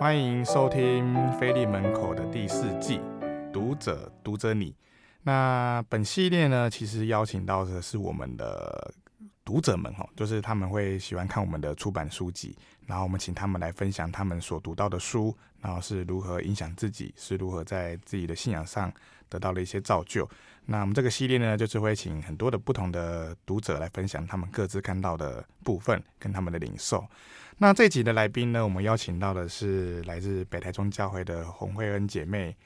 歡迎收聽《腓利門口的第四季》，讀者讀著祢，那本系列呢，其實邀請到的是我們的。讀者們哦，就是他們會喜歡看我們的出版書籍，然後我們請他們來分享他們所讀到的書，然後是如何影響自己，是如何在自己的信仰上得到了一些造就。那我們這個系列呢，就是會請很多的不同的讀者來分享他們各自看到的部分跟他們的領受。那這集的來賓呢，我們邀請到的是來自北台中教會的洪慧恩姐妹，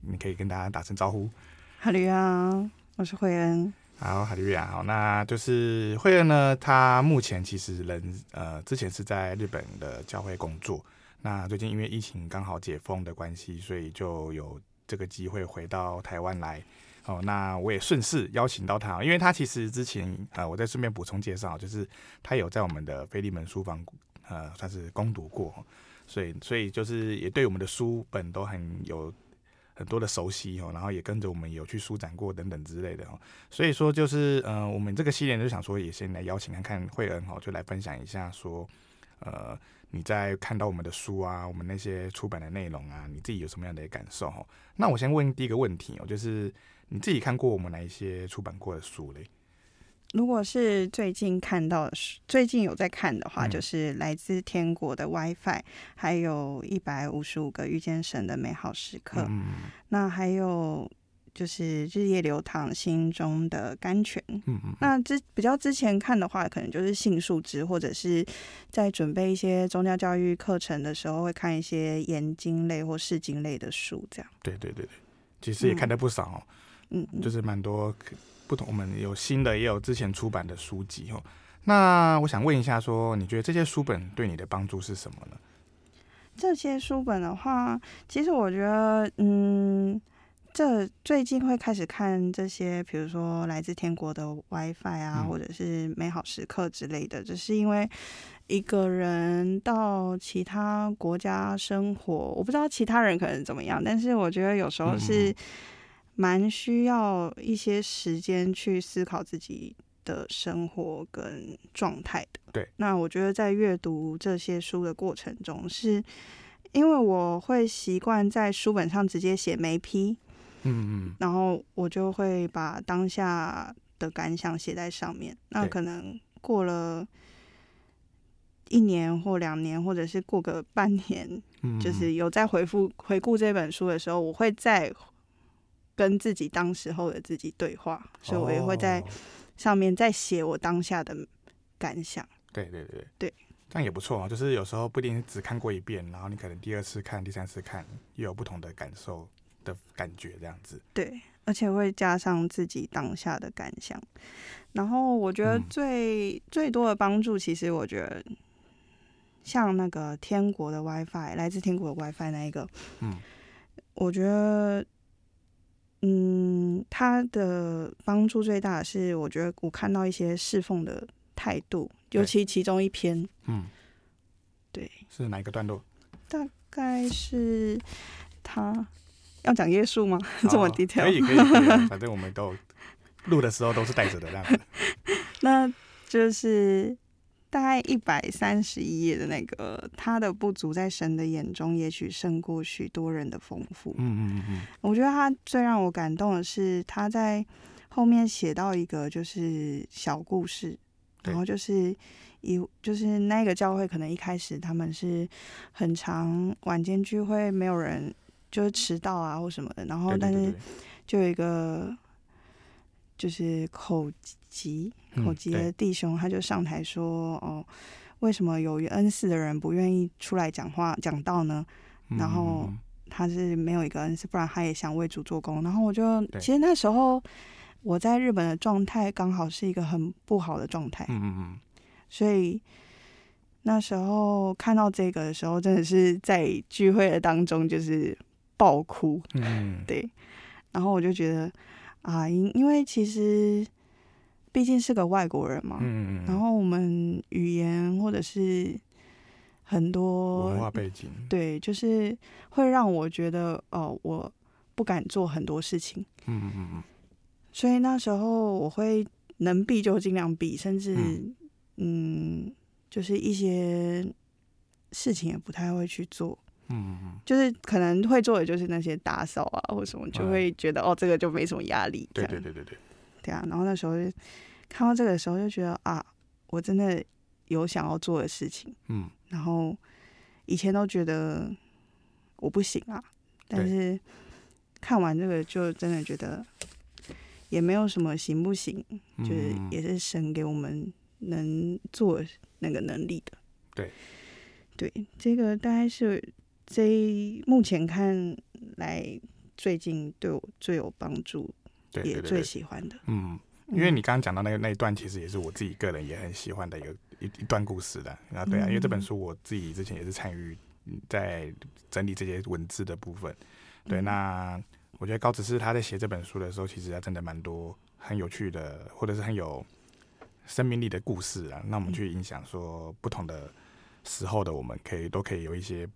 你可以跟大家打聲招呼。Hello 呀，我是慧恩。好，哈利路亞，好，那就是惠恩呢，他目前其實人呃，之前是在日本的教會工作，那最近因為疫情剛好解封的關係，所以就有這個機會回到台灣來，哦，那我也順勢邀請到他，因為他其實之前呃，我再順便補充介紹，就是他有在我們的腓利門書房呃，算是攻讀過，所以所以就是也對我們的書本都很有。很多的熟悉哦，然後也跟着我們有去書展過等等之類的哦，所以說就是嗯、呃，我們這個系列就想說也先來邀請看看慧恩哦，就來分享一下說，呃，你在看到我們的書啊，我們那些出版的內容啊，你自己有什麼樣的感受。那我先問第一個問題哦，就是你自己看過我們哪一些出版過的書嘞？如果是最近看到，最近有在看的話，嗯、就是來自天國的 WiFi，還有一百五十五個遇見神的美好時刻。嗯、那還有就是日夜流淌心中的甘泉。嗯嗯。嗯嗯，那之比較之前看的話，可能就是杏樹之，或者是在準備一些宗教教育課程的時候，會看一些研經類或釋經類的書，這樣。對對對對，其實也看得不少，喔。嗯嗯。就是蠻多。不同，我們有新的，也有之前出版的書籍哦。那我想問一下說，你覺得這些書本對你的幫助是什麼呢？這些書本的話，其實我覺得，嗯，這最近會開始看這些，比如說《來自天國的 WiFi》啊，嗯、或者是《美好時刻》之類的，只，就是因為一個人到其他國家生活，我不知道其他人可能怎麼樣，但是我覺得有時候是。嗯嗯蠻需要一些時間去思考自己的生活跟狀態的。對，那我覺得在閱讀這些書的過程中，是因為我會習慣在書本上直接寫眉批，嗯嗯，然後我就會把當下的感想寫在上面。對那可能過了一年或兩年，或者是過個半年，嗯嗯，就是有再回復回顧這本書的時候，我會再。跟自己當時候的自己對話，所以我也會在上面再寫我當下的感想。對、oh, 對對對，這樣也不錯啊。就是有時候不一定只看過一遍，然後你可能第二次看，第三次看，又有不同的感受的感覺，這樣子。對，而且會加上自己當下的感想。然後我覺得最、嗯、最多的幫助，其實我覺得像那個天國的 WiFi，來自天國的 WiFi 那一個，嗯，我覺得。嗯，他的幫助最大的是，我覺得我看到一些侍奉的態度，尤其其中一篇，欸、嗯，對，是哪一個段落？大概是他要講耶穌嗎？哦、 這麼 detail? 可以可以，反正我們都錄 的時候都是帶着的，那樣、個， 那就是。大概一百三十一頁的那個，他的不足在神的眼中，也許勝過許多人的豐富。嗯嗯嗯嗯，嗯嗯我覺得他最讓我感動的是，他在後面寫到一個就是小故事，然後就是一對就是那個教會可能一開始他們是很常晚間聚會，沒有人就是遲到啊或什麼的，然後但是就有一個就是口。急我口的弟兄，嗯、他就上台說：“哦，為什麼有恩賜的人不願意出來講話講道呢？嗯、然後他是沒有一個恩賜，不然他也想為主做工。然後我就對其實那時候我在日本的狀態剛好是一個很不好的狀態，嗯嗯，嗯所以那時候看到這個的時候，真的是在聚會的當中就是爆哭，嗯、對。然後我就覺得啊，因、哎、因為其實。”畢竟是個外國人嘛，嗯、然後我們語言或者是很多文化背景，對，就是會讓我覺得哦，我不敢做很多事情。嗯嗯、所以那時候我會能避就盡量避，甚至嗯，嗯，就是一些事情也不太會去做。嗯嗯、就是可能會做的就是那些打掃啊或什麼，就會覺得、嗯、哦，這個就沒什麼壓力。對對對對對。對啊，然後那時候就看到這個時候，就覺得啊，我真的有想要做的事情。嗯，然後以前都覺得我不行啊，但是看完這個就真的覺得也沒有什麼行不行，嗯、就是也是神給我們能做那個能力的。對，對，這個大概是這目前看來最近對我最有幫助。對對對，也最喜歡的，嗯，因為你剛剛講到那個那一段，其實也是我自己個人也很喜歡的一個一一段故事的，那對啊，嗯嗯，因為這本書我自己之前也是參與在整理這些文字的部分，對，那我覺得高子思他在寫這本書的時候，其實他真的蠻多很有趣的，或者是很有生命力的故事啊，那我們去影響說不同的時候的，我們可以都可以有一些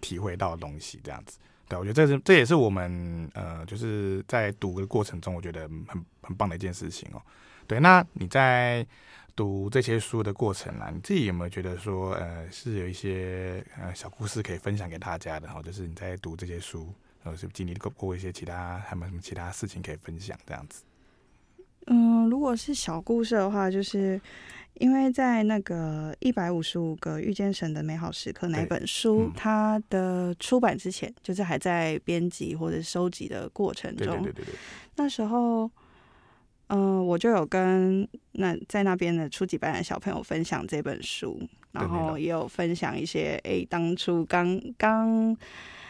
體會到東西這樣子。對，我覺得這是，這也是我們呃，就是在讀的過程中，我覺得很很棒的一件事情哦。對，那你在讀這些書的過程啊，你自己有沒有覺得說，呃，是有一些呃小故事可以分享給大家的、哦？然後就是你在讀這些書，然後是經歷過不過一些其他，還有沒有什麼其他事情可以分享這樣子？嗯，如果是小故事的話，就是因為在那個一百五十五個遇見神的美好時刻那一本書，嗯、它的出版之前，就是還在編輯或者收集的過程中。對對對對，那時候，嗯、呃，我就有跟那在那邊的初級班的小朋友分享這本書，然後也有分享一些哎、欸，當初剛剛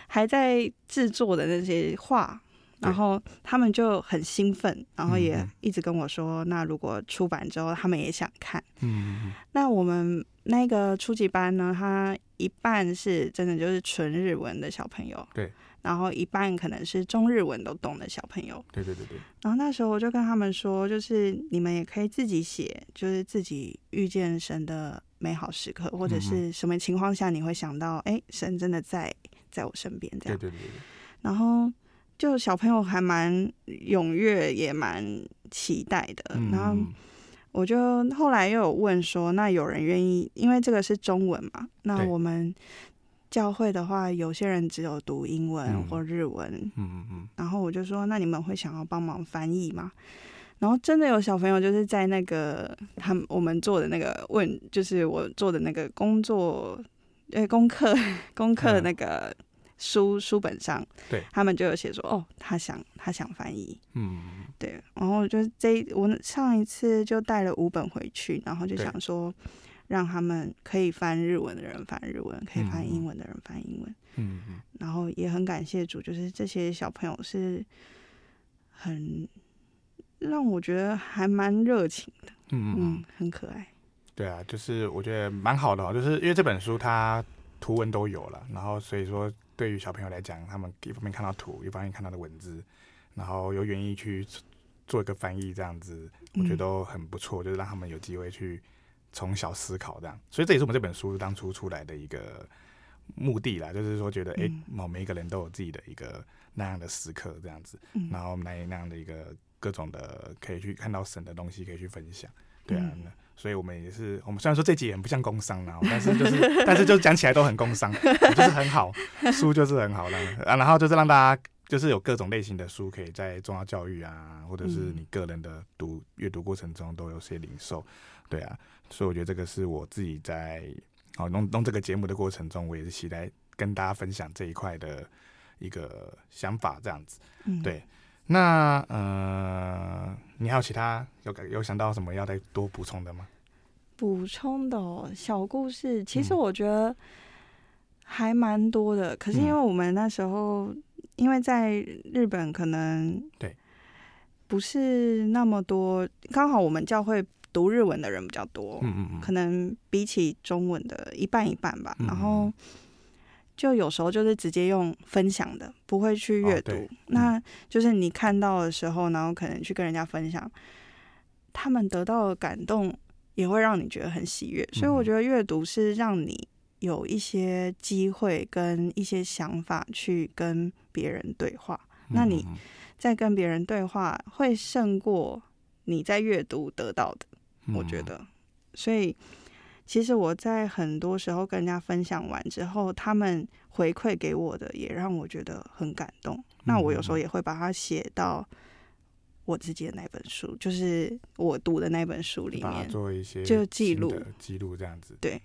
還在制作的那些畫。然後他們就很興奮，然後也一直跟我說：“嗯、哼那如果出版之後，他們也想看。嗯哼”嗯，那我們那個初級班呢，它一半是真的就是純日文的小朋友，對，然後一半可能是中日文都懂的小朋友。對對對對。然後那時候我就跟他們說：“就是你們也可以自己寫，就是自己遇見神的美好時刻，或者是什麼情況下你會想到，哎、嗯哼，神真的在在我身邊。”這樣。對，對對對。然後。就小朋友還蠻踴躍，也蠻期待的。嗯嗯嗯。然後我就後來又有問說，那有人願意？因為這個是中文嘛，那我們教會的話，有些人只有讀英文或日文。嗯，嗯嗯嗯。然後我就說，那你們會想要幫忙翻譯嗎？然後真的有小朋友就是在那個他們我們做的那個問，就是我做的那個工作，呃、欸，功課功課那個。嗯書書本上，對，他們就有寫說，哦，他想他想翻譯，嗯，對，然後就是這一我上一次就帶了五本回去，然後就想說，讓他們可以翻日文的人翻日文，可以翻英文的人翻英文，嗯，嗯，然後也很感謝主，就是這些小朋友是很讓我覺得還蠻熱情的，嗯嗯，嗯，嗯，很可愛，對啊，就是我覺得蠻好的，就是因為這本書它圖文都有了，然後所以說。對於小朋友來講，他們一方面看到圖，一方面看到的文字，然後又願意去做一個翻譯，這樣子，我覺得都很不錯，嗯、就是讓他們有機會去從小思考這樣。所以這也是我們這本書當初出來的一個目的啦，就是說覺得，嗯、誒，某每一個人都有自己的一個那樣的時刻，這樣子，嗯、然後我們來那樣的一個各種的可以去看到神的東西，可以去分享，對啊。嗯所以，我們也是，我們雖然說這集也很不像工商啦，喔，但是就是，但是就講起來都很工商，就是很好，書就是很好啦啊，然後就是讓大家就是有各種類型的書，可以在重要教育啊，或者是你個人的讀閱讀過程中都有些領受，對啊，所以我覺得這個是我自己在好弄弄這個節目的過程中，我也是期待跟大家分享這一塊的一個想法，這樣子，對。那呃，你還有其他有感有想到什麼要再多補充的嗎？補充的、哦、小故事，其實我覺得還蠻多的。嗯、可是因為我們那時候因為在日本，可能對不是那麼多，對剛好我們教會讀日文的人比較多，嗯嗯嗯可能比起中文的一半一半吧，嗯、然後。就有時候就是直接用分享的，不會去閱讀。啊嗯、那就是你看到的時候，然後可能去跟人家分享，他們得到的感動也會讓你覺得很喜悅。所以我覺得閱讀是讓你有一些機會跟一些想法去跟別人對話。嗯、那你在跟別人對話，會勝過你在閱讀得到的，嗯、我覺得。所以。其實我在很多時候跟人家分享完之後，他們回饋給我的也讓我覺得很感動。那我有時候也會把它寫到我自己的那本書，就是我讀的那本書裡面做一些就是記錄記錄這樣子。對，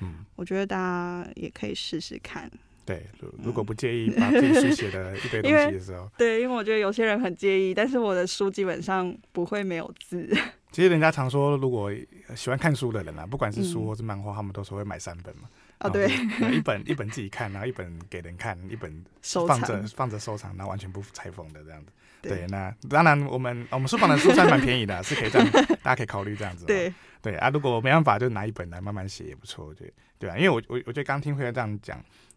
嗯，我覺得大家也可以試試看。對，如果不介意把自己寫的一堆東西的時候， 對，因為我覺得有些人很介意，但是我的書基本上不會沒有字。其實人家常說，如果喜歡看書的人啊，不管是書或是漫畫，他們都說會買三本嘛。啊，對，一本一本自己看，然後一本給人看，一本放着放着收藏，那完全不拆封的這樣子。對，那當然我們我們書房的書算蠻便宜的，啊，是可以這樣，大家可以考慮這樣子。對，對啊，如果沒辦法，就拿一本來慢慢寫也不錯，我覺得，對啊，因為我我我覺得剛聽慧恩這樣講，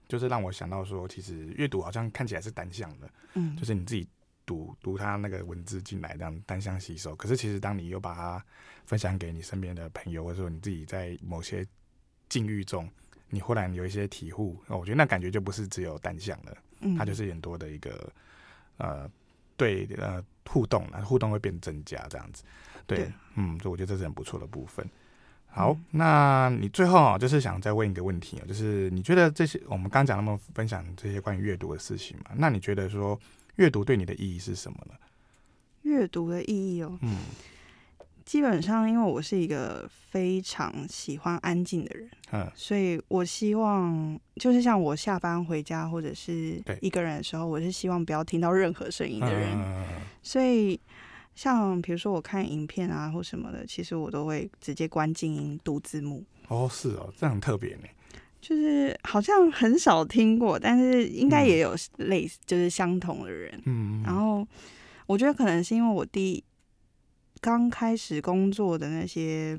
就是讓我想到說，其實閱讀好像看起來是單向的，嗯，就是你自己。讀讀他那個文字進來，這樣單向吸收。可是其實，當你又把它分享給你身邊的朋友，或者說你自己在某些境遇中，你忽然有一些體悟，哦、我覺得那感覺就不是只有單向了，嗯，它就是很多的一個呃對呃互動啊，互動會變增加這樣子。對，對嗯，所以我覺得這是很不錯的部分。好，嗯、那你最後、哦、就是想再問一個問題、哦，就是你覺得這些我們剛講那麼分享這些關於閱讀的事情嘛？那你覺得說？閱讀對你的意義是什麼呢？閱讀的意義哦，嗯，基本上因為我是一個非常喜歡安靜的人，嗯，所以我希望就是像我下班回家或者是一個人的時候，我是希望不要聽到任何聲音的人，嗯。嗯嗯嗯嗯，所以像比如說我看影片啊或什麼的，其實我都會直接關靜音、讀字幕。哦，是哦，這樣特別呢。就是好像很少聽過，但是應該也有類似就是相同的人。嗯，然後我覺得可能是因為我第剛開始工作的那些，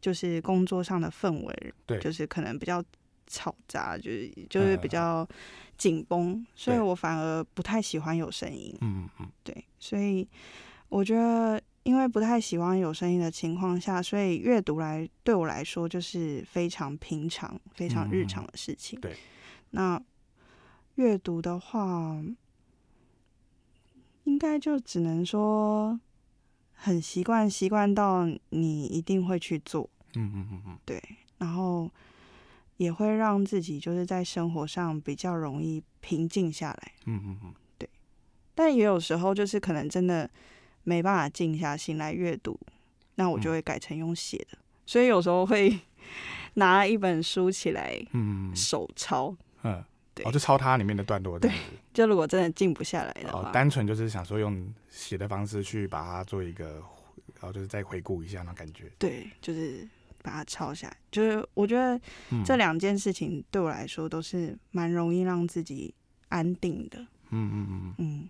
就是工作上的氛圍，對，就是可能比較嘈雜，就是就是比較緊繃，對所以我反而不太喜歡有聲音。嗯嗯，對，所以我覺得。因為不太喜歡有聲音的情況下，所以閱讀來對我來說就是非常平常、非常日常的事情。嗯、對，那閱讀的話，應該就只能說很習慣，習慣到你一定會去做。嗯嗯嗯嗯，嗯嗯對。然後也會讓自己就是在生活上比較容易平靜下來。嗯嗯嗯，嗯嗯對。但也有時候就是可能真的。沒辦法靜下心來閱讀，那我就會改成用寫的，嗯、所以有時候會拿一本書起來，嗯，手抄，嗯呵，對，我、哦、就抄它裡面的段落，對，就如果真的靜不下來的話，哦、單純就是想說用寫的方式去把它做一個，然、哦、後就是再回顧一下那感覺，對，就是把它抄下來，就是我覺得這兩件事情對我來說都是蠻容易讓自己安定的，嗯嗯嗯嗯。嗯嗯嗯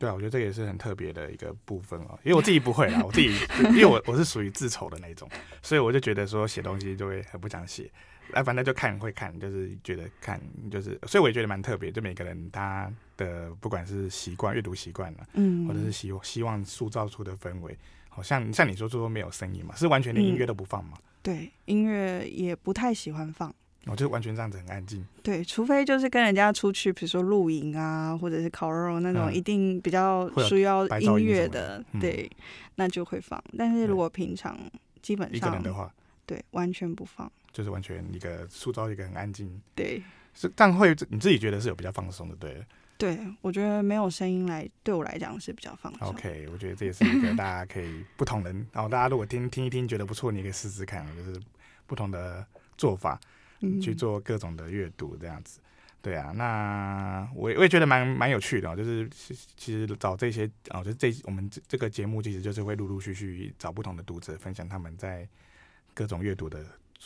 對、啊，我覺得這個也是很特別的一個部分哦，因為我自己不會啦， 我自己，因為我我是屬於字醜的那種，所以我就覺得說寫東西就會很不想寫，那、啊、反正就看會看，就是覺得看就是，所以我也覺得蠻特別，就每個人他的不管是習慣閱讀習慣了，嗯，或者是希希望塑造出的氛圍，好像像你說說說沒有聲音嘛，是完全連音樂都不放嗎？嗯、對，音樂也不太喜歡放。我、哦，就完全這樣子很安靜，對，除非就是跟人家出去，比如說露營啊，或者是烤肉、肉那種，嗯、一定比較需要音樂的，嗯、對，那就會放。但是如果平常基本上、嗯、一個人的話，對，完全不放，就是完全一個塑造一個很安靜，對，是，但會你自己覺得是有比較放鬆的，對，對我覺得沒有聲音來對我來講是比較放鬆。OK，我覺得這也是一個大家可以不同人，然後、 哦、大家如果聽聽一聽覺得不錯，你可以試試看，就是不同的做法。去做各種的閱讀，這樣子，對啊，那我也我也覺得蠻蠻有趣的哦，就是其實找這些哦，就這我們這個節目其實就是會陸陸續續找不同的讀者分享他們在各種閱讀的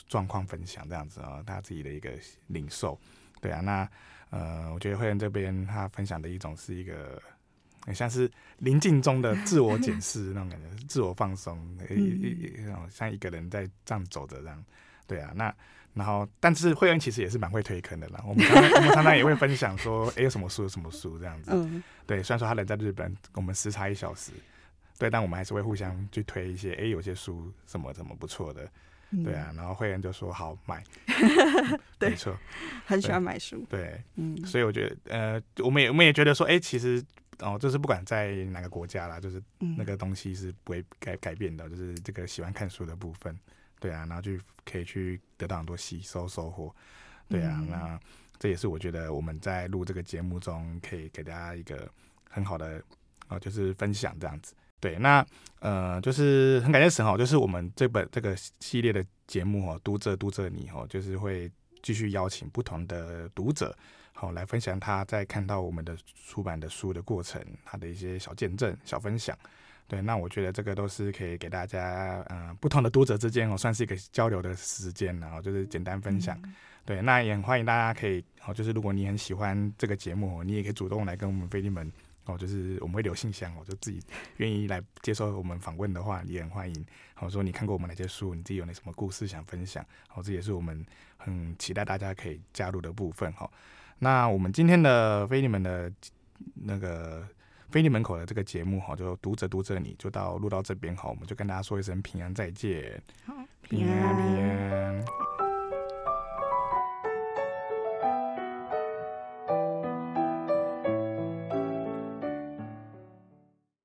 狀況分享這樣子啊，他、哦、自己的一個領受。對啊，那呃，我覺得慧恩這邊他分享的一種是一個很像是寧靜中的自我檢視那種感覺， 自我放鬆，一一種像一個人在這樣走着這樣，對啊，那。然後，但是慧恩其實也是蠻會推坑的啦。我們常，常我們常常也會分享說，哎， 有什麼書，有什麼書這樣子。嗯、對，雖然說他人在日本，我們時差一小時，對，但我們還是會互相去推一些，哎，有些書什麼什麼不錯的，嗯、對啊。然後慧恩就說：“好買。” 沒錯，對很喜歡買書。對，對嗯、所以我覺得，呃，我們也我們也覺得說，哎，其實哦，就是不管在哪個國家啦，就是那個東西是不會改改變的，就是這個喜歡看書的部分。對啊，然後去可以去得到很多吸收收穫，對啊，嗯、那這也是我覺得我們在錄這個節目中可以給大家一個很好的啊、呃，就是分享這樣子。對，那呃，就是很感謝神哦，就是我們這本這個系列的節目哦，讀者讀著祢哦，就是會繼續邀請不同的讀者好、哦、來分享他在看到我們的出版的書的過程，他的一些小見證、小分享。對，那我覺得這個都是可以給大家，嗯、呃，不同的讀者之間哦，算是一個交流的時間、啊，然後就是簡單分享。嗯嗯對，那也很歡迎大家可以哦，就是如果你很喜歡這個節目，你也可以主動來跟我們腓利門哦，就是我們會留信箱哦，就自己願意來接受我們訪問的話，也很歡迎。好、哦、說你看過我們哪些書，你自己有哪什麼故事想分享，好、哦，這也是我們很期待大家可以加入的部分哈、哦。那我們今天的腓利門的那個。腓利門口的這個節目哈，就讀著讀着你，就到錄到這邊哈，我們就跟大家說一聲平安再見，平安平安，平安平安。